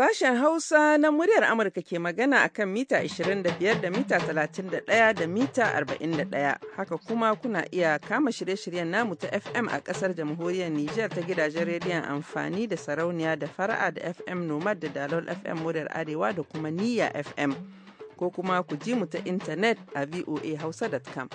Sashen Hausa na muryar Amurka ke magana a kan mita 25 da mita 31 da mita 41. Haka kuma kuna iya kama shirye-shiryen namu ta FM a ƙasar jamhuriyar Nijar ta gidajen rediyon amfani da sarauniya da fara'a da FM Nomad da Dalol FM muryar Arewa da kuma Niyya FM. Ko kuma ku ji mu ta intanet a voahausa.com.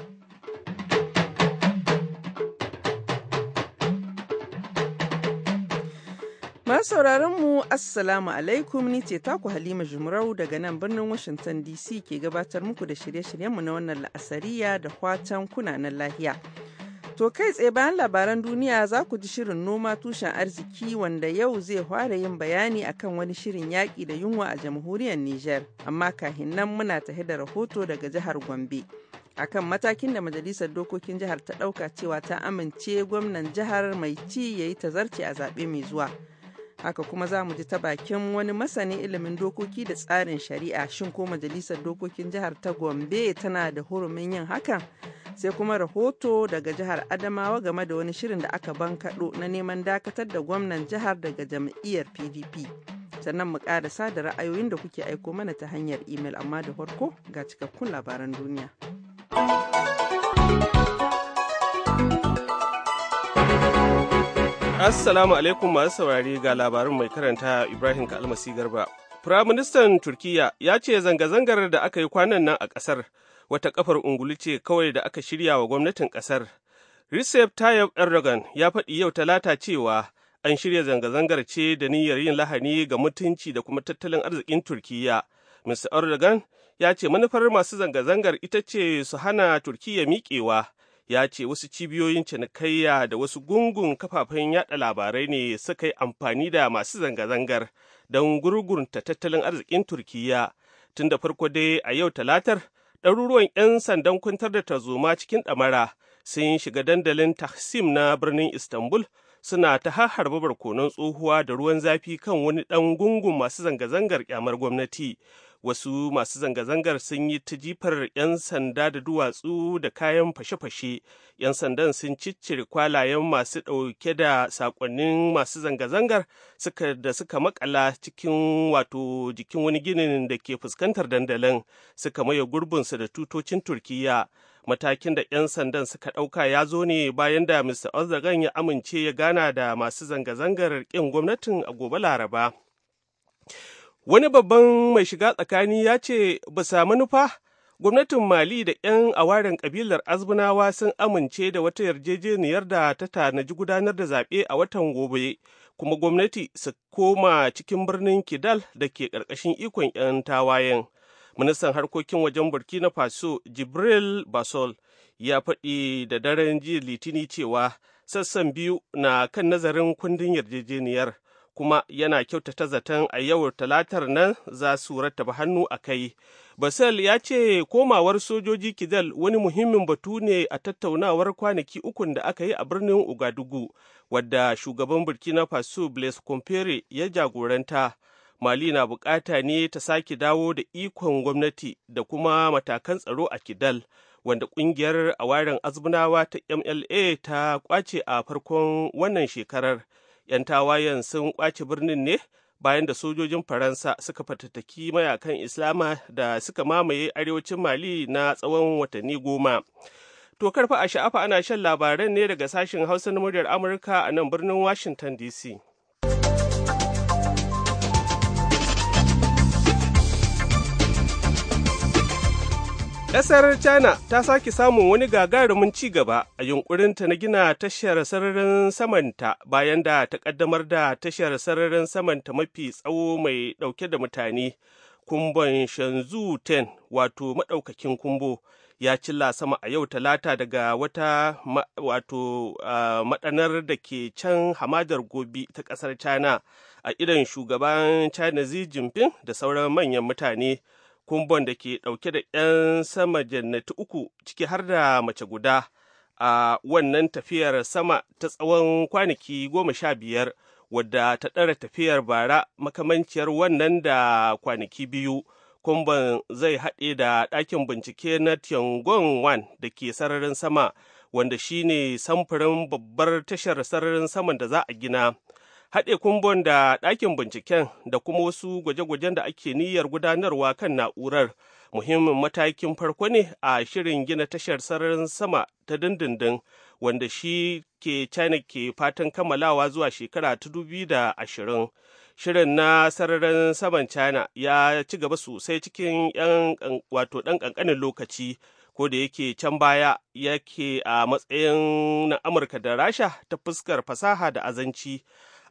sauraron mu Assalamu alaikum ni ce taku Halima Jumrau daga nan birnin Washington DC ke gabatar muku da shirye-shiryenmu na wannan la'asariya da kwatan kunanan lahiya. To kai tsaye bayan labaran duniya za ku ji shirin noma tushen arziki wanda yau zai fara yin bayani akan wani shirin yaƙi da yunwa a jamhuriyar Nijar, amma kahin nan muna tahe da rahoto daga jihar Gombe. akan matakin da majalisar dokokin jihar ta ɗauka cewa ta amince gwamnan jihar mai ci ya yi tazarci a zaɓe mai zuwa. haka kuma za mu ji ta bakin wani masanin ilimin dokoki da tsarin shari'a shin ko majalisar dokokin jihar ta gombe tana da hurumin yin hakan sai kuma rahoto daga jihar adamawa game da wani shirin da aka bankaɗo na neman dakatar da gwamnan jihar daga jam'iyyar pdp sannan mu ƙara da ra'ayoyin da kuke aiko mana ta hanyar imel amma da farko ga cikakkun labaran duniya. Assalamu alaikum masu saurari ga labarin mai karanta Ibrahim Kalmasi Garba. Firaministan Turkiyya ya ce zanga-zangar da aka yi kwanan nan a ƙasar wata ƙafar ungulu ce kawai da aka shirya wa gwamnatin ƙasar. Recep Tayyip Erdogan ya faɗi yau talata cewa an shirya zanga-zangar ce da niyyar yin lahani ga mutunci da kuma tattalin arzikin Turkiyya. Mr. Erdogan ya ce manufar masu zanga-zangar ita ce su hana Turkiyya miƙewa ya ce wasu cibiyoyin cinikayya da wasu gungun kafafen yada labarai ne suka yi amfani da masu zanga-zangar don gurgunta tattalin arzikin Turkiyya, tun da farko dai a yau talatar ɗaruruwan 'yan sandan kwantar da tarzoma cikin ɗamara sun shiga dandalin taksim na birnin istanbul suna ta har barkonon tsohuwa da ruwan zafi kan wani ɗan gungun masu zanga-zangar kyamar gwamnati wasu masu zanga-zangar sun yi ta jifar 'yan sanda da duwatsu da kayan fashe-fashe 'yan sandan sun ciccire kwalayen masu ɗauke da saƙonnin masu zanga-zangar da suka makala cikin wato jikin wani ginin da ke fuskantar dandalin suka maye gurbinsu da tutocin turkiya matakin da 'yan sandan suka ɗauka ya zo ne bayan da mr ozagan ya amince ya gana da masu zanga-zangar ƙin gwamnatin a gobe laraba wani babban mai shiga tsakani ya ce ba bisa manufa gwamnatin mali da 'yan awaren kabilar azbunawa sun amince da wata yarjejeniyar da ta tanaji gudanar da zaɓe a watan gobe kuma gwamnati su koma cikin birnin kidal da ke ƙarƙashin ikon 'yan tawayen ministan harkokin wajen burkina faso jibril basol ya faɗi da daren jiya litini cewa sassan biyu na kan nazarin kundin yarjejeniyar kuma yana kyautata zaton a yau talatar nan za su rattaba hannu a kai. Basel ya ce komawar sojoji Kidal wani muhimmin batu ne a tattaunawar kwanaki ukun da aka yi a birnin Ugadugu, wadda shugaban Burkina Faso Blaise Compaore ya jagoranta. Mali na bukata ne ta sake dawo da ikon gwamnati da kuma matakan tsaro a Kidal. wanda kungiyar awarin azbunawa ta mla ta kwace a farkon wannan shekarar 'yan tawayen sun kwace birnin ne bayan da sojojin faransa suka fatattaki mayakan islama da suka mamaye arewacin mali na tsawon watanni goma to karfa a sha'afa ana shan labaran ne daga sashen hausa na muryar amurka a nan birnin washington dc Ƙasar China ta sake samun wani gagarumin ci gaba a yunkurinta na gina tashar sararin samanta bayan da ta ƙaddamar da tashar sararin samanta mafi tsawo mai ɗauke da mutane. Kumbon Shanzu 10 wato maɗaukakin kumbo ya cilla sama a yau talata daga wata ma, wato uh, da ke can hamadar gobi ta ƙasar China a idan shugaban China Xi Jinping da sauran manyan mutane. kumbon da ke ɗauke da 'yan sama jannati uku ciki har da mace guda a wannan tafiyar sama ta tsawon kwanaki goma sha biyar wadda ta ɗara tafiyar bara makamanciyar wannan da kwanaki biyu Kumbon zai haɗe da ɗakin bincike na tiangong wan da ke sararin sama wanda shine samfurin babbar tashar sararin saman da za a gina haɗe kumbon da ɗakin binciken da kuma wasu gwaje-gwajen da ake niyyar gudanarwa kan na'urar muhimmin matakin farko ne a shirin gina tashar sararin sama ta dindindin wanda shi ke china ke fatan kammalawa zuwa shekara ta da ashirin shirin na sararin saman china ya ci gaba sosai cikin 'yan wato ɗan ƙanƙanin lokaci ko da yake can baya yake a matsayin na amurka da rasha ta fuskar fasaha da azanci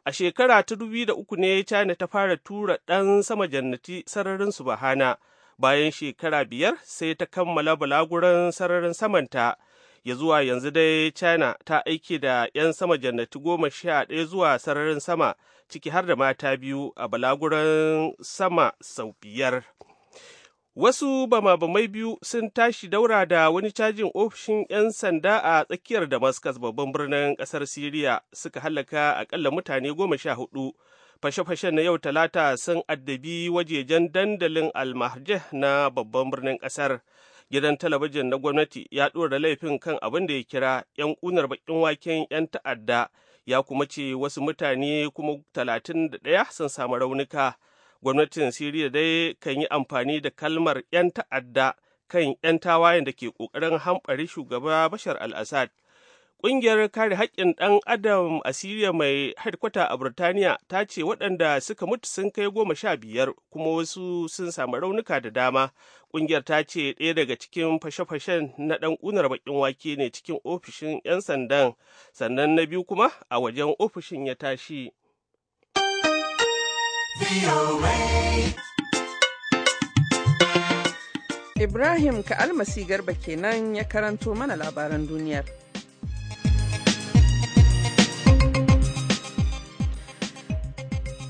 A shekara ta dubi da uku ne China ta fara tura ɗan sama jannati sararin bahana, Bayan shekara biyar sai ta kammala balaguran sararin samanta. Ya zuwa yanzu dai China ta aiki da 'yan sama jannati goma sha ɗaya zuwa sararin sama, ciki har da mata biyu a balaguran sama sau biyar. Wasu bama-bamai biyu sun tashi daura da wani cajin ofishin 'yan sanda a tsakiyar Damascus babban birnin ƙasar Siriya suka halaka akalla mutane goma sha hudu. Fashe-fashen na yau talata sun addabi wajejen dandalin almahjeh na babban birnin ƙasar. Gidan talabijin na gwamnati ya ɗora laifin kan abin da ya kira 'yan ƙunar baƙin waken 'yan ta'adda ya kuma ce wasu mutane kuma talatin da ɗaya sun samu raunuka. gwamnatin siriya dai kan yi amfani da kalmar 'yan ta'adda kan 'yan tawayen da ke ƙoƙarin hamɓari shugaba bashar al Ƙungiyar kare haƙƙin ɗan adam a Siriya mai haɗkwata a Burtaniya ta ce waɗanda suka mutu sun kai goma sha biyar kuma wasu sun samu raunuka da dama. Ƙungiyar ta ce ɗaya daga cikin fashe-fashen na ɗan ƙunar baƙin wake ne cikin ofishin 'yan sandan, sannan na biyu kuma a wajen ofishin ya tashi. Ibrahim ka almasi Garba kenan ya karanto mana labaran duniyar.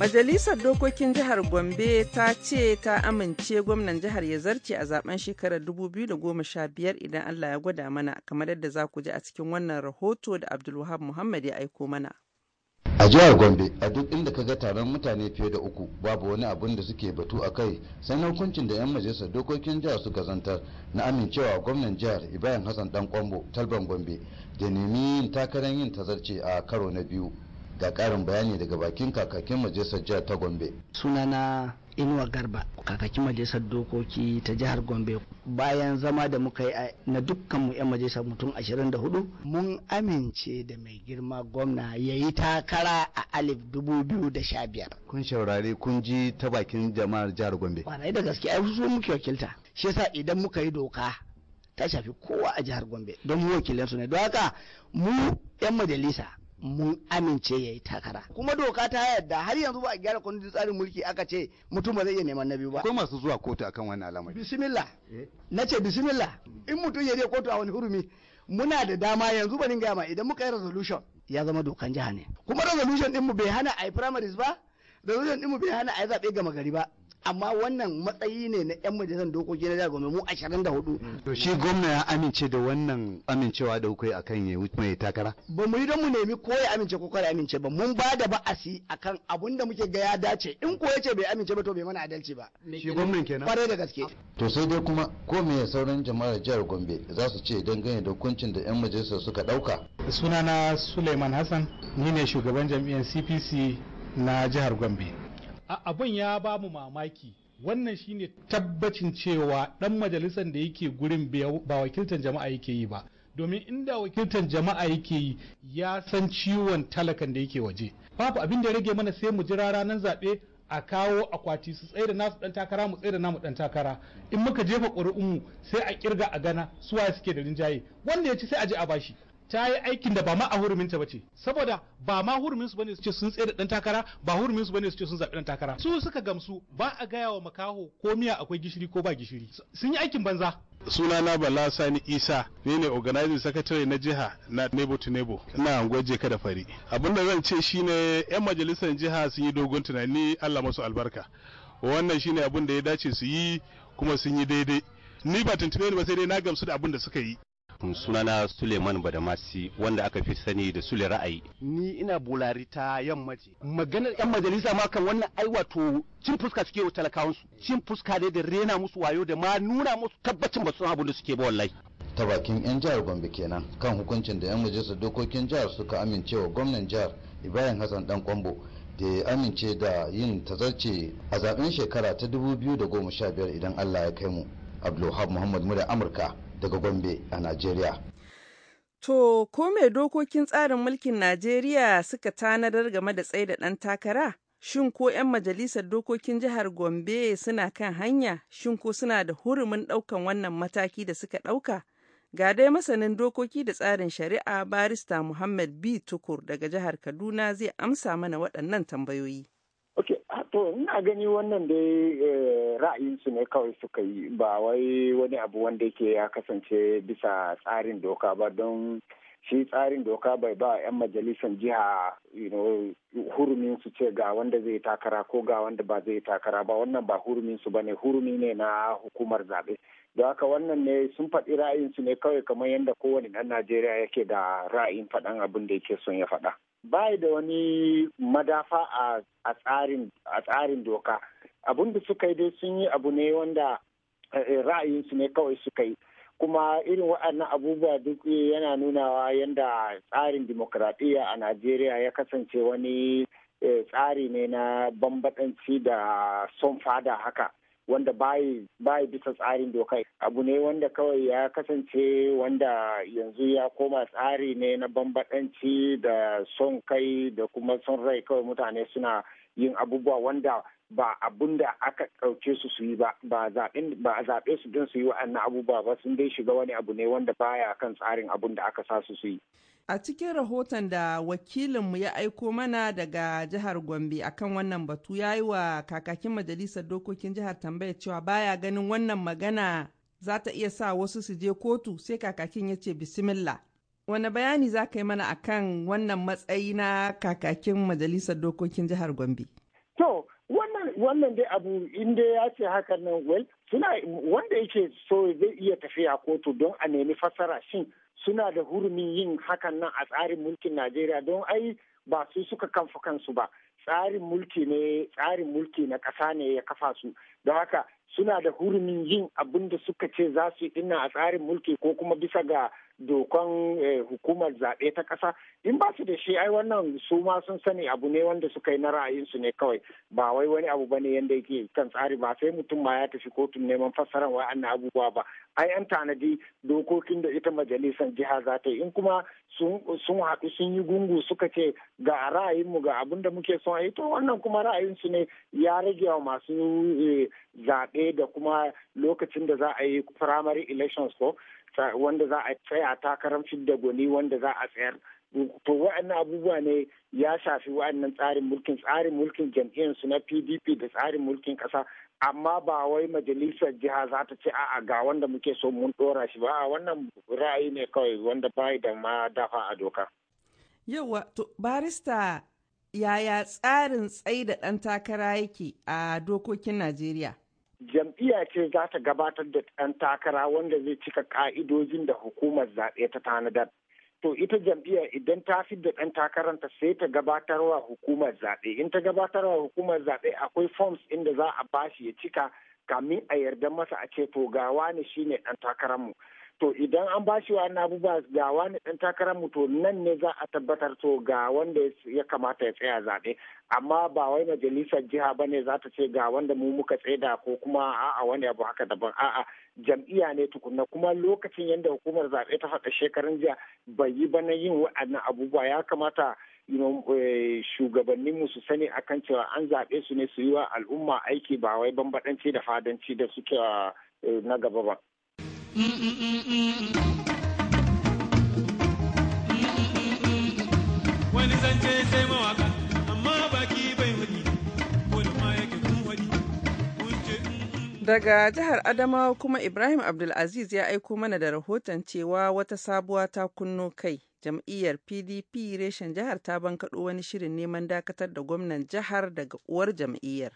Majalisar Dokokin Jihar Gombe ta ce ta amince gwamnan jihar ya zarce a zaben shekarar 2015 idan Allah ya gwada mana kamar yadda za ku ji a cikin wannan rahoto da Abdulwahab Muhammad ya aiko mana. a jihar gombe a duk inda ka ga taron mutane fiye da uku babu wani abin da suke batu a kai sai na hukuncin da 'yan majalisar dokokin jihar suka zantar na amincewa gwamnan jihar ibrahim hassan dan kwambo talban gombe da nemi yin takarar yin tazarce a karo na biyu ga karin bayani daga bakin kakakin majalisar jihar ta gombe sunana inuwa garba kakakin majalisar dokoki ta jihar gombe bayan zama da muka yi na dukkan mu 'yan majalisar mutum 24 mun amince da mai girma gwamna ya yi takara a alif 2015 kun shaurari kun ji ta bakin jama'ar jihar gombe kwarai da gaske ai su muke wakilta shi yasa idan muka yi doka ta shafi kowa a jihar gombe don mu wakilansu ne don haka mu 'yan majalisa mun amince ya yi takara kuma doka ta yadda har yanzu ba a gyara kundin tsarin mulki aka ce mutum ba zai iya neman na biyu ba akwai masu zuwa kotu akan wannan alamar bismillah eh. na ce bismillah in mutum ya je kotu a wani hurumi muna da dama yanzu ba ninga ma idan muka yi resolution ya zama dokan jiha ne kuma resolution din mu bai hana a yi primaries ba resolution mu bai hana a yi zaɓe gama gari ba amma wannan matsayi ne na 'yan majalisar dokoki na jagome mu 24 to shi gwamna ya amince da wannan amincewa da hukai akan ya mai takara ba mu yi don mu nemi ko ya amince ko kare amince ba mun ba da ba'asi akan abun da muke ga ya dace in ko ce bai amince ba to bai mana adalci ba shi gwamnan kenan kwarai da gaske to sai dai kuma ko me sauran jama'ar jihar Gombe za su ce dangane da hukuncin da 'yan majalisar suka dauka sunana Suleiman Hassan ni ne shugaban jam'iyyar CPC na jihar gombe abin ya ba mu mamaki wannan shine tabbacin cewa dan majalisar da yake gurin ba wakiltar jama'a yake yi ba domin inda wakiltar jama'a yake yi ya san ciwon talakan da yake waje babu abin da rage mana sai mu jira ranar zaɓe a kawo akwati su tsaye da nasu dan takara mu tsaye da namu dan takara in muka jefa ƙuri'unmu sai a kirga a gana suwa suke da rinjaye wanda ya ci sai a je a bashi ta yi aikin da ba ma a huruminta ba ce saboda ba ma hurumin su bane su ce sun tsaye da dan takara ba hurumin su bane su ce sun zaɓi dan takara su suka gamsu ba a gaya wa makaho ko miya akwai gishiri ko ba gishiri sun yi aikin banza sunana bala sani isa ni ne organizing secretary na jiha na nebo to nebo na angwaje kada fari abinda zan ce shine yan majalisar jiha sun yi dogon tunani allah masu albarka wannan shine abin da ya dace su yi kuma sun yi daidai ni ba tuntube ni ba sai dai na gamsu da abin da suka yi sunana suleiman badamasi wanda aka fi sani da sule ra'ayi ni ina bulari ta yamma maganar yan majalisa ma kan wannan ai wato cin fuska suke wa su cin fuska ne da rena musu wayo da ma nuna musu tabbacin ba su abin da suke ba wallahi ta bakin 'yan jihar gombe kenan kan hukuncin da 'yan majalisar dokokin jihar suka amincewa gwamnan jihar ibrahim hassan dan kwambo da ya amince da yin tazarce a zaben shekara ta biyu da 2015 idan allah ya kai mu abdulhab muhammad murya amurka daga Gombe a Najeriya. To, ko mai dokokin tsarin mulkin Najeriya suka tanadar game da tsaida ɗan takara? Shin ko 'yan majalisar dokokin jihar Gombe suna kan hanya? Shin ko suna da hurumin ɗaukan wannan mataki da suka ɗauka? Ga dai masanin dokoki da tsarin shari'a barista Muhammad B. Tukur daga jihar Kaduna zai amsa mana waɗannan tambayoyi. To ina gani wannan dai eh, ra'ayinsu ne kawai suka yi ba wai wani abu wanda yake ya kasance bisa tsarin doka ba don shi tsarin doka bai ba 'yan majalisar jiha hurumin su ce ga wanda zai takara ko ga wanda ba zai takara ba wannan ba hurumin su bane hurumi ne na hukumar zaɓe don haka wannan ne sun faɗi ra'ayin su ne kawai kamar yadda kowane ɗan najeriya yake da ra'ayin faɗan abin da yake son ya faɗa. ba da wani madafa a tsarin doka abun da suka yi dai sun yi abu ne wanda eh, eh, ra'ayinsu ne kawai suka yi kuma irin waɗannan abubuwa duk eh, yana nunawa yadda tsarin dimokuraɗiyya a najeriya ya kasance wani tsari ne na bambaɗanci da son fada haka wanda bayi bisa tsarin doka abu ne wanda kawai ya kasance wanda yanzu ya koma tsari ne na bambadanci da son kai da kuma son rai kawai mutane suna yin abubuwa wanda ba abun da aka ɗauke su su yi ba ba a zaɓe su don su yi wa'annan abubuwa ba sun dai shiga wani abu ne wanda baya kan tsarin abun da aka sa su su yi. A cikin rahoton da wakilinmu ya aiko mana daga jihar Gombe akan wannan batu ya yi wa kakakin majalisar dokokin jihar tambaya cewa baya ganin wannan magana za ta iya sa wasu su je kotu sai kakakin ya ce bismillah. Wane bayani za ka yi mana akan wannan matsayi na kakakin majalisar dokokin jihar Gombe? To, wannan dai abu inda ya ce hakan nan well suna wanda yake so zai iya tafiya kotu don a nemi fasara shin suna da hurumin yin hakan nan a tsarin mulkin najeriya don ai ba su suka kanfa kansu ba tsarin mulki ne tsarin mulki na ƙasa ne ya kafa su don haka suna da hurumin yin abin da suka ce za su yi a tsarin mulki ko kuma bisa ga dokon eh, hukumar zaɓe ta ƙasa in ba su da shi ai wannan su ma sun sani abu ne wanda suka yi na ra'ayinsu ne kawai ba wai wani abu bane yanda yake kan tsari ba sai mutum ma ya tafi kotun neman fassaran wa'annan abubuwa ba ai an tanadi dokokin da ita majalisar jiha za ta yi in kuma sun haɗu sun yi gungu suka ce ga ra'ayinmu ga abin da muke son yi to wannan kuma ra'ayinsu ne ya rage wa masu eh, zaɓe da kuma lokacin da za a yi primary elections ko wanda za a tsaya takarar fidda gwani wanda za a tsayar to wa'annan abubuwa ne ya shafi wa'annan tsarin mulkin tsarin mulkin jam'iyyar su na pdp da tsarin mulkin ƙasa amma ba wai majalisar jiha za ta ce a'a ga wanda muke so mun dora shi ba a wannan ra'ayi ne kawai wanda bai da ma dafa a doka yawa to barista yaya tsarin da ɗan takara yake a dokokin najeriya jam'iyya ce za ta gabatar da ɗan takara wanda zai cika ƙa'idojin da hukumar zaɓe ta tanadar. To ita jam'iyya idan ta fi da ɗan takaranta sai ta gabatarwa hukumar zaɓe. In ta gabatarwa hukumar zaɓe akwai forms inda za a bashi ya cika kamin a yarda masa a ce to ga wani shine ɗan takararmu. to idan an bashi wa'annan abubuwa ga wani dan takarar mu to nan ne za a tabbatar to ga wanda ya kamata ya tsaya zaɓe amma ba wai majalisar jiha ba za ta ce ga wanda mu muka tsaida ko kuma a'a wani abu haka daban a'a jam'iya ne tukunna kuma lokacin yadda hukumar zaɓe ta faɗa shekarun jiya bai yi ba na yin waɗannan abubuwa ya kamata eh, shugabanninmu su sani akan cewa an zaɓe su ne su yi wa al'umma aiki ba wai bambaɗanci da fadanci da suke eh, na gaba ba. Daga jihar Adamawa kuma Ibrahim Abdulaziz ya aiko mana da rahoton cewa wata sabuwa ta kunno kai. Jam'iyyar PDP reshen jihar ta bankaɗo wani shirin neman dakatar da gwamnan jihar daga uwar jam'iyyar.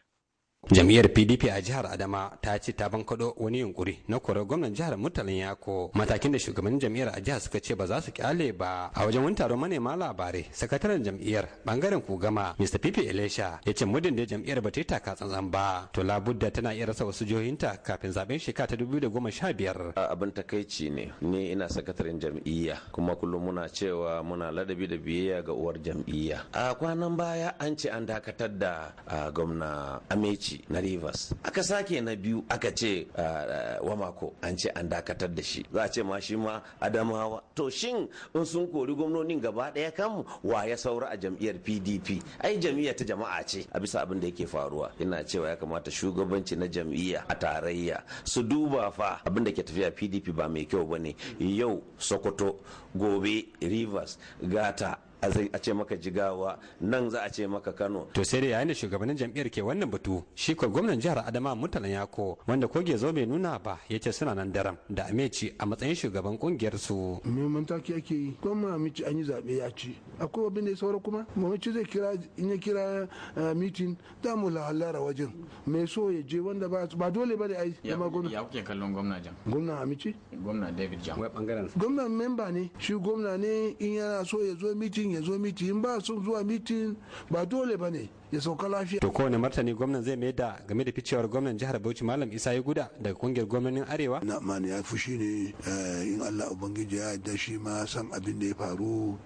jam'iyyar pdp a jihar adama ta ce ta bankaɗo wani yunkuri na korar gwamnan jihar murtalin yako matakin da shugabannin jam'iyyar a jihar suka ce ba za su kyale ba a wajen wani taron manema labarai sakataren jam'iyyar bangaren kugama mr pipi elisha ya ce muddin da jam'iyyar ba ta yi taka tsantsan ba to labudda tana iya rasa wasu jihohinta kafin zaben shekara ta dubu da goma sha biyar. abin takaici ne ni ina sakataren jam'iyya kuma kullum muna cewa muna ladabi da biyayya ga uwar jam'iyya a kwanan baya an ce an dakatar da gwamna ameci shi na rivers aka sake na biyu aka ce ah, ah, wamako an ce an dakatar da shi za a ce ma shi ma adamawa to shin in sun kori gwamnonin gaba daya kan wa ya saura a jam'iyyar pdp ai jam'iyyar ta jama'a ce a bisa abin da yake faruwa ina cewa ya kamata shugabanci na jam'iyya a tarayya su duba fa abin da ke tafiya pdp ba mai kyau bane yau sokoto gobe rivers gata a ce maka jigawa nan za a ce maka kano to sai da yayin da shugabannin jam'iyyar ke wannan batu shi ko gwamnan jihar adama mutalan yako wanda koge zo bai nuna ba ya ce suna nan daram da ameci a matsayin shugaban kungiyar su Me taki ake yi ko ma amici an yi zaɓe ya ci akwai abin da ya saura kuma mamaci zai kira in ya kira eh, meeting da mu lahallara wajen Me so ya je wanda ba Ba dole ba da ai ma gwamnati ya kuke kallon gwamna jan gwamna amici gwamna david jam? wai bangaren gwamna memba ne shi gwamna ne in yana so ya zo meeting mutum ya zo mitin ba son zuwa mitin ba dole ba ne ya sauka lafiya. To kowane martani gwamnan zai mai da game da ficewar gwamnan jihar Bauchi Malam Isa ya guda daga kungiyar gwamnanin Arewa. Na ma ya fushi ne eh, in Allah Ubangiji ya da shi ma san abin da ya faru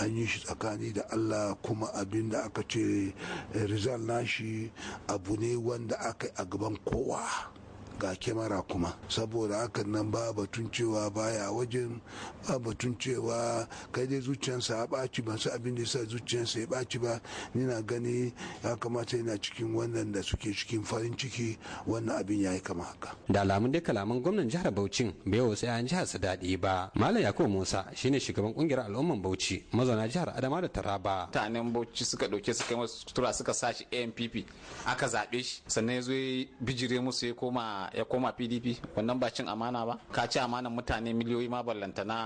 an yi shi tsakani da Allah kuma abin da aka ce eh, rizal nashi abu ne wanda aka yi a gaban kowa. ga kyamara kuma saboda hakan nan ba batun cewa baya wajen ba batun cewa kai dai zuciyarsa ya ɓaci ba su abin da sa zuciyarsa ya ɓaci ba nina gani ya kamata yana cikin wannan da suke cikin farin ciki wannan abin ya yi kama haka. da alamun dai kalaman gwamnan jihar bauchi bai wa sai an jihar su daɗi ba malam yakubu musa shine shugaban kungiyar al'umman bauchi mazauna jihar adama da taraba. mutanen bauchi suka ɗauke suka masu tura suka sashi ampp aka zaɓe shi sannan ya zo bijire musu ya koma ya koma pdp wannan ba cin amana ba ka ci amanan mutane miliyoyi ma ballanta na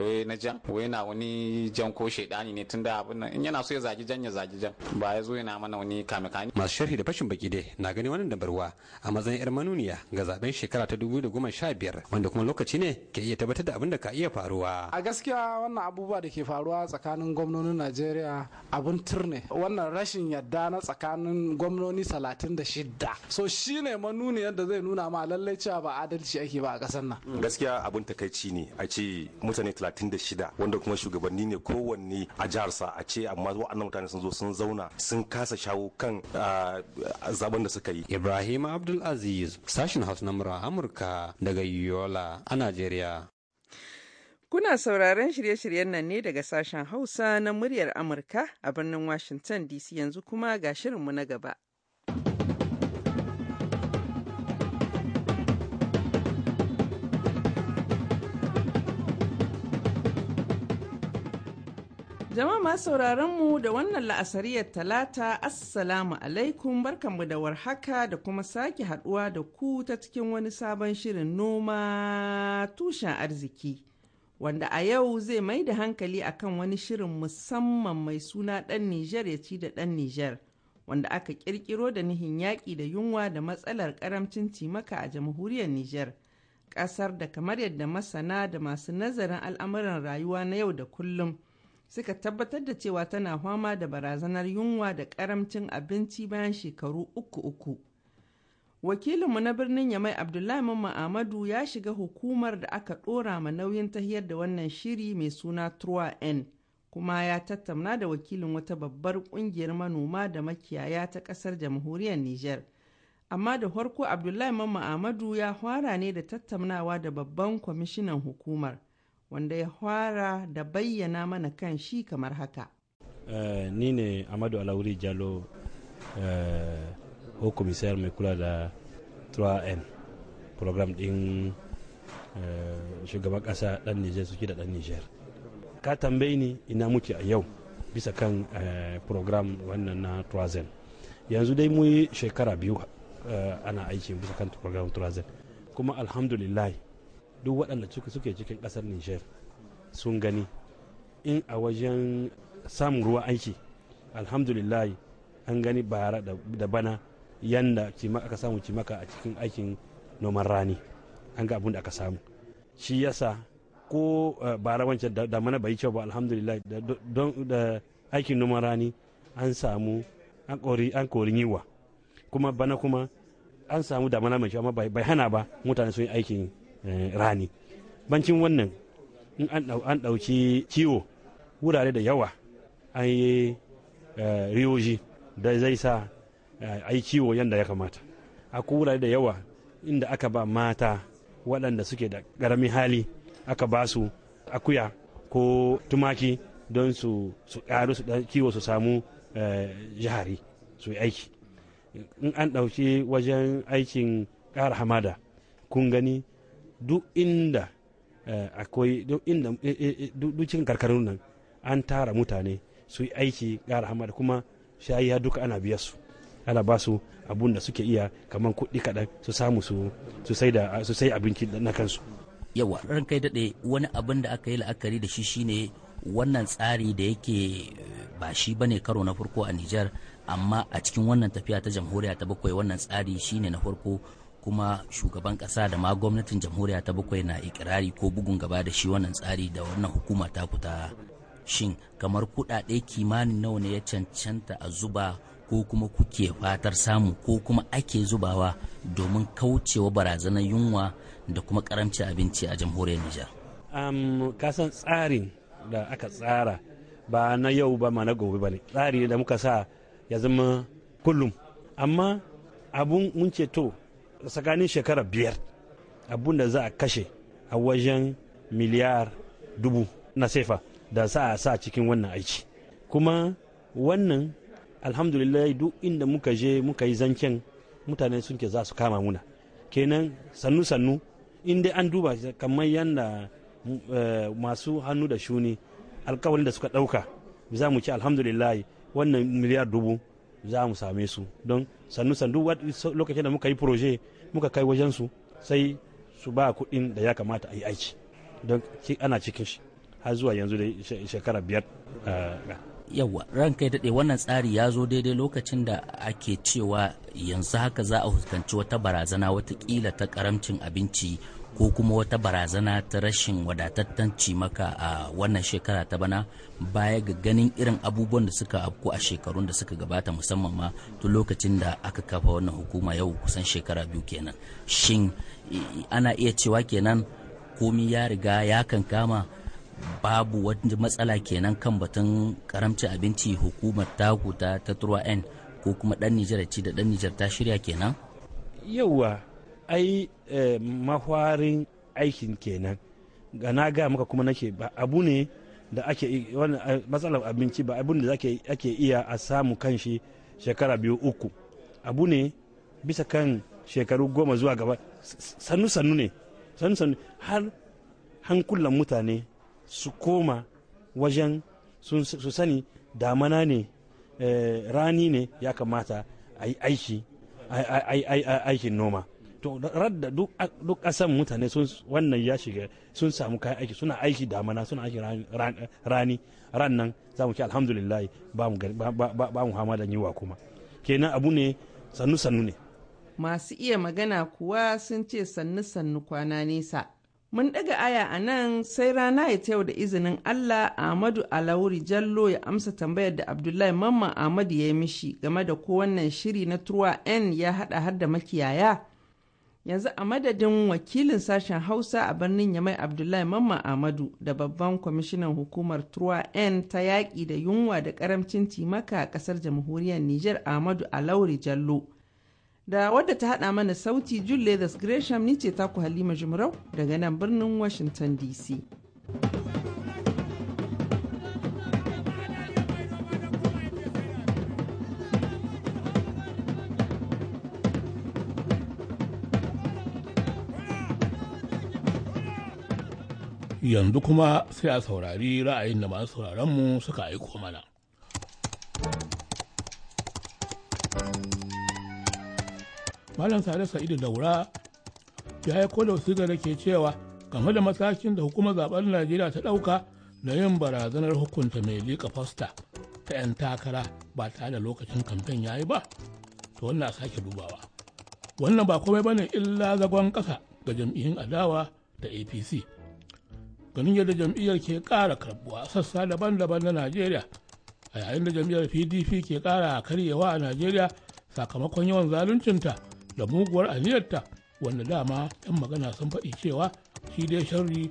eh, na jan wai na wani jan ko shaidani ne tunda abin nan in yana so ya zagi jan ya zagi jan ba ya zo yana mana wani kame masu sharhi da fashin baki dai na gani wannan dabarwa a mazan yar manuniya ga zaben shekara ta 2015 wanda kuma lokaci ne ke iya tabbatar da abin da ka iya faruwa a gaskiya wannan abubuwa da ke faruwa tsakanin gwamnonin Najeriya abin turne wannan rashin yadda na tsakanin gwamnoni 36 so shine manuniyar da zai nuna ma lallai cewa ba adalci ake ba a kasar nan mm, gaskiya abun takaici ne a ce mutane 36 wanda kuma shugabanni ne kowanne a jiharsa a ce amma wa'annan mutane sun zo sun zauna sun kasa shawo kan ah, zaben da suka yi ibrahim abdulaziz sashin hausa na mura amurka daga yola a nigeria. Kuna sauraron shirye-shiryen nan ne daga sashen Hausa na muryar Amurka a birnin Washington DC yanzu kuma ga shirinmu na gaba. Jama'a masu sauraron mu da wannan la'asariyar talata assalamu alaikum barkanmu da warhaka da kuma sake haduwa da ku ta cikin wani sabon shirin noma tushen arziki wanda a yau zai mai da hankali akan wani shirin musamman mai suna ɗan Nijar ya ci da ɗan Nijar wanda aka ƙirƙiro da nihin yaƙi da yunwa da matsalar ƙaramcin cimaka a jamhuriyar Nijar. Ƙasar da kamar yadda masana da masu nazarin al'amuran rayuwa na yau da kullum. suka tabbatar da cewa tana fama da barazanar yunwa da karamcin abinci bayan shekaru uku uku. Wakilinmu na birnin Yamai Abdullahi Mamman Ahmadu ya shiga hukumar da aka ɗora ma nauyin tahiyar da wannan shiri mai suna 3N kuma ya tattauna da wakilin wata babbar ƙungiyar manoma da makiyaya ta ƙasar jamhuriyar Nijar. Amma da harko Abdullahi Mamman Ahmadu ya fara ne da tattaunawa da babban kwamishinan hukumar. wanda ya fara da bayyana mana kan shi kamar haka. Uh, ni ne Amadu Alauri Jalo, uh, eh, komisar mai kula da 3N, program ɗin eh, shugaban ƙasa ɗan Nijar suke da ɗan Nijar. Ka tambayi ni ina muke a yau bisa kan uh, program wannan na 3N. Yanzu dai mu shekara biyu ana aiki bisa kan program 3N. Kuma alhamdulillah duk waɗanda suke cikin ƙasar niger sun gani in a wajen samun ruwa aiki alhamdulillah an gani bara da bana yanda aka samu cimaka a cikin aikin noman rani an ga abin da aka samu shi yasa ko eh, bara wancan da mana bai kyau ba alhamdulillah da aikin noman rani an samu an kori yiwa kuma bana kuma an samu damana mai kyau amma bai hana ba mutane sun yi aikin Eh, rani bancin wannan in an ɗauki kiwo wurare da yawa an yi eh, riyoji da zai sa eh, a yi kiwo yadda ya kamata akwai wurare da yawa inda aka ba mata waɗanda suke da ƙaramin hali aka ba su akuya ko tumaki don su ƙaru su kiwo su samu jihari su aiki in an ɗauki wajen aikin ƙara hamada kun gani duk inda eh, akwai duk inda eh, eh, duk cikin karkarun nan an tara mutane su yi aiki ƙara hamada kuma shayiya duka ana biya su ana ba su abun da suke iya kamar kuɗi kaɗan su samu su sai abinci na kansu yawa ran kai daɗe wani abin da aka yi la'akari da shi shine wannan tsari da yake ba shi bane karo na farko a Nijar amma a cikin wannan tafiya ta jamhuriya ta bakwai wannan tsari shine na farko kuma shugaban kasa da ma gwamnatin jamhuriya ta bakwai na ikirari ko bugun gaba da shi wannan tsari da wannan hukuma ta kuta shin kamar kudade kimanin nawa ne ya cancanta a zuba ko kuma kuke fatar samu ko kuma ake zubawa domin kaucewa barazanar yunwa da kuma karamci abinci a jamhuriyar Nijar. Um, kasan tsarin da aka tsara ba na yau ba ma na gobe ba ne tsari da muka sa ya zama kullum amma abun mun ce to tsakanin shekara biyar abun da za a kashe a wajen miliyar dubu na sefa da sa a sa cikin wannan aiki kuma wannan alhamdulillah duk inda muka je muka yi zancen mutane sun ke za su kama muna kenan sannu-sannu inda an duba kamar yadda eh, masu hannu da shuni alkawarin da suka ɗauka za mu ci alhamdulillah wannan miliyar dubu za mu same su don sannu sandu lokacin da muka yi proje muka kai wajen su sai su ba kuɗin da ya kamata a yi aiki don ana cikin shi har zuwa yanzu da shekara biyar eh, yawa ranka ya daɗe wannan tsari ya zo daidai lokacin da ake cewa yanzu haka za a fuskanci wata barazana watakila ta karamcin abinci ko kuma wata barazana ta rashin wadatattan cimaka a wannan shekara ta bana baya ga ganin irin abubuwan da suka afku a shekarun da suka gabata musamman ma tun lokacin da aka kafa wannan hukuma yau kusan shekara biyu kenan shin eh, ana iya cewa kenan komi ya riga ya kankama babu wani matsala kenan kan batun karamcin abinci hukumar taku ta ta n ko kuma dan nijar ci da dan nijar ta shirya kenan yauwa ai eh, mahwarin aikin kenan ga na gaya maka kuma nake ba abu ne da ake matsalar abinci ba abu ne da ake iya a samu kanshi shekara biyu uku abu ne bisa kan shekaru goma zuwa gaba sannu-sannu ne sannu-sannu har hankulan mutane su koma wajen su sani damana ne eh, rani ne ya kamata a yi aiki aikin noma to radda duk asan mutane sun wannan ya shiga sun samu kayan aiki suna aiki damana suna aiki rani rannan za mu ci alhamdulillah ba mu hama da yiwa kuma kenan abu ne sannu sannu ne masu iya magana kuwa sun ce sannu sannu kwana nesa Mun ɗaga aya a nan sai rana ya ta yau da izinin Allah Ahmadu alawuri Jallo ya amsa tambayar da Abdullahi Mamman Ahmadu ya yi mishi game da ko wannan shiri na turwa N ya haɗa har da makiyaya. yanzu a madadin wakilin sashen hausa a birnin yamai abdullahi mamma amadu da babban kwamishinan hukumar truwa n ta yaƙi da yunwa da karamcin timaka a ƙasar jamhuriyar niger amadu lauri jallo da wadda ta haɗa mana sauti julius gresham ni ce taku halima jumrau daga nan birnin washington dc Yanzu kuma sai a saurari ra'ayin da masu sauraronmu suka aiko mana. Malam Sare Sa'idu Daura ya yi da wasu da ke cewa game da matakin da hukumar zaben Najeriya ta ɗauka na yin barazanar hukunta mai liƙa fasta ta 'yan takara ba tare da lokacin kamfen ya yi ba, to wannan a sake dubawa. Wannan ba komai bane illa zagon ƙasa ga jam'iyyun adawa da APC. ganin yadda jam'iyyar ke ƙara karbuwa sassa daban-daban na najeriya a yayin da jam'iyyar pdp ke ƙara karyewa a najeriya sakamakon yawan zaluncinta da muguwar aniyarta wanda dama 'yan magana sun faɗi cewa shi dai sharri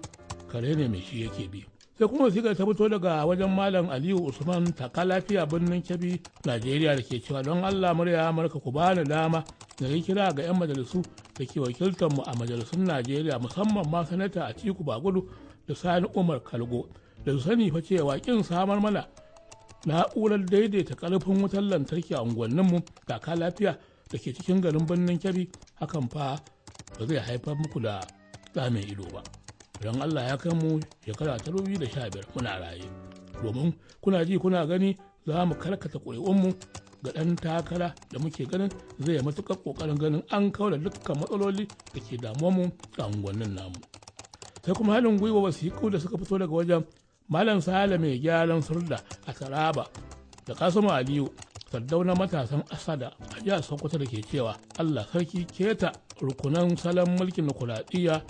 kare ne mai shi yake bi sai kuma sigar ta fito daga wajen malam aliyu usman taka lafiya birnin kebbi najeriya da ke cewa don allah murya amurka ku bani dama na yi kira ga 'yan majalisu da ke wakiltar mu a majalisun najeriya musamman ma sanata a ciku gudu da sani umar kalgo da su sani fa cewa kin samar mana na'urar daidaita karfin wutar lantarki a unguwanninmu da ka lafiya da ke cikin garin birnin kyabi hakan fa ba zai haifar muku da tsamin ido ba don allah ya kai mu shekara ta rubi da sha biyar muna raye domin kuna ji kuna gani za mu karkata ƙuri'unmu ga ɗan takara da muke ganin zai matuƙar ƙoƙarin ganin an kawo da dukkan matsaloli da ke damuwa mu a unguwannin namu. sai kuma halin gwiwa wasiƙu da suka fito daga wajen malam sale mai gyaran surda a taraba da kasimu aliyu na matasan asada a jihar sokoto da ke cewa allah sarki keta rukunan salon mulkin nukulaɗiyya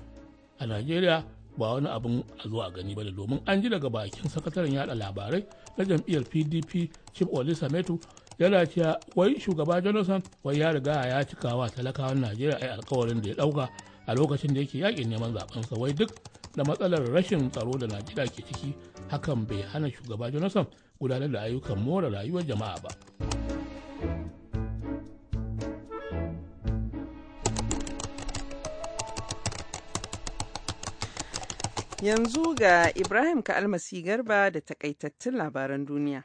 a najeriya ba wani abin a zuwa gani ba da domin an ji daga bakin sakataren yada labarai na jam'iyyar pdp chief olisa metu yana cewa wai shugaba jonathan wai ya riga ya cikawa talakawan najeriya yi alkawarin da ya dauka a lokacin da yake yakin neman sa wai duk da matsalar rashin tsaro da najeriya ke ciki hakan bai hana shugaba jonathan gudanar da ayyukan more rayuwar jama'a ba yanzu ga ibrahim ka almasi garba da takaitattun labaran duniya.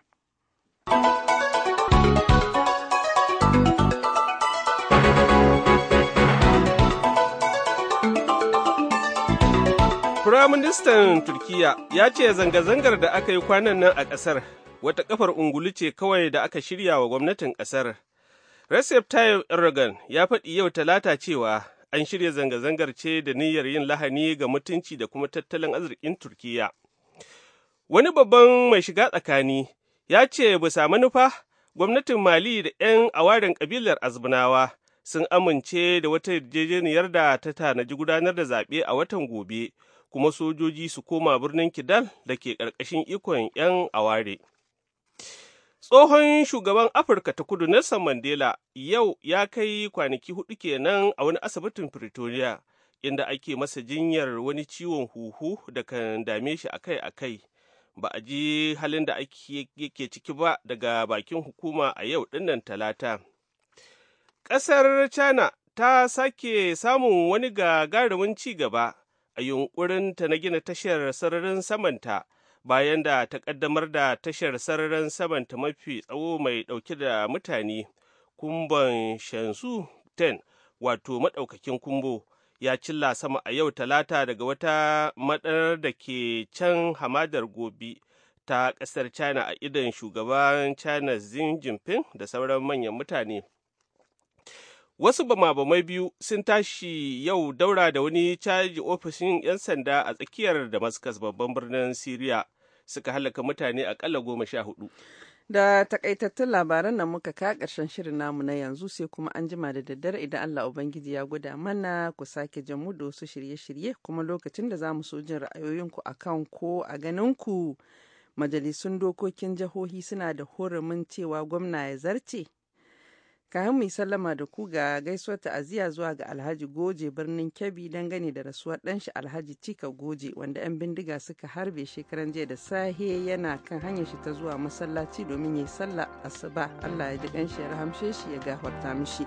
Firaministan Turkiyya ya ce zanga-zangar da aka yi kwanan nan a ƙasar wata kafar ungulu ce kawai da aka shirya wa gwamnatin ƙasar. Recep Tayyip Erdogan ya faɗi yau talata cewa an shirya zanga-zangar ce da niyyar yin lahani ga mutunci da kuma tattalin arzikin Turkiyya. Wani babban mai shiga tsakani ya ce bisa manufa gwamnatin Mali da 'yan awaren ƙabilar Azbunawa sun amince da wata yarjejeniyar da ta tanaji gudanar da zaɓe a watan gobe. kuma sojoji su koma birnin Kidal da ke ƙarƙashin ikon 'yan aware. Tsohon shugaban Afirka ta kudu Nelson Mandela yau ya kai kwanaki hudu kenan a wani asibitin Pretoria inda ake masa jinyar wani ciwon huhu da kan dame shi akai-akai. Ba a ji halin da yake ciki ba daga bakin hukuma a yau dinnan talata. Ƙasar China ta sake samun wani gagarumin ci gaba a yunƙurinta na gina tashar sararin samanta bayan da ta ƙaddamar da tashar sararin samanta mafi tsawo mai ɗauke da mutane kumban shansu 10 wato maɗaukakin kumbo ya cilla sama a yau talata daga wata maɗanar da ke can hamadar gobi ta ƙasar china a idon shugaban china xi jinping da sauran manyan mutane Wasu bamabamai biyu sun tashi yau daura da wani caji ofishin 'yan sanda a tsakiyar Damascus babban birnin Siriya suka halaka mutane akalla goma sha hudu. Da takaitattun labaran nan muka ka karshen shirin namu na yanzu sai kuma an jima da daddare idan Allah Ubangiji ya guda mana ku sake jin mu da wasu shirye-shirye kuma lokacin da za mu so jin ra'ayoyinku a kan ko a ganin ku majalisun dokokin jihohi suna da horumin cewa gwamna ya zarce kayan mai sallama da ku ga gaisuwar ta'aziyya zuwa ga alhaji goje birnin kebbi dangane da rasuwar ɗanshi alhaji cika goje wanda 'yan bindiga suka harbe shekaran jiya da sahe yana kan hanyar shi ta zuwa masallaci domin ya yi sallah asuba allah ya ji ɗanshi ya rahamshe shi ya gafarta mishi.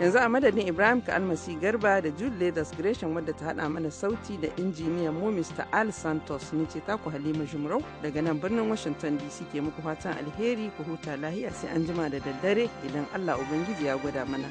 yanzu a madadin ibrahim ka garba da jude leathers gresham wadda ta hada mana sauti da injiniyan mu mr al santos ni ce taku halima jumrau daga nan birnin washington dc ke muku fatan alheri ku huta lahiya sai an jima da daddare idan allah ubangiji ya gwada mana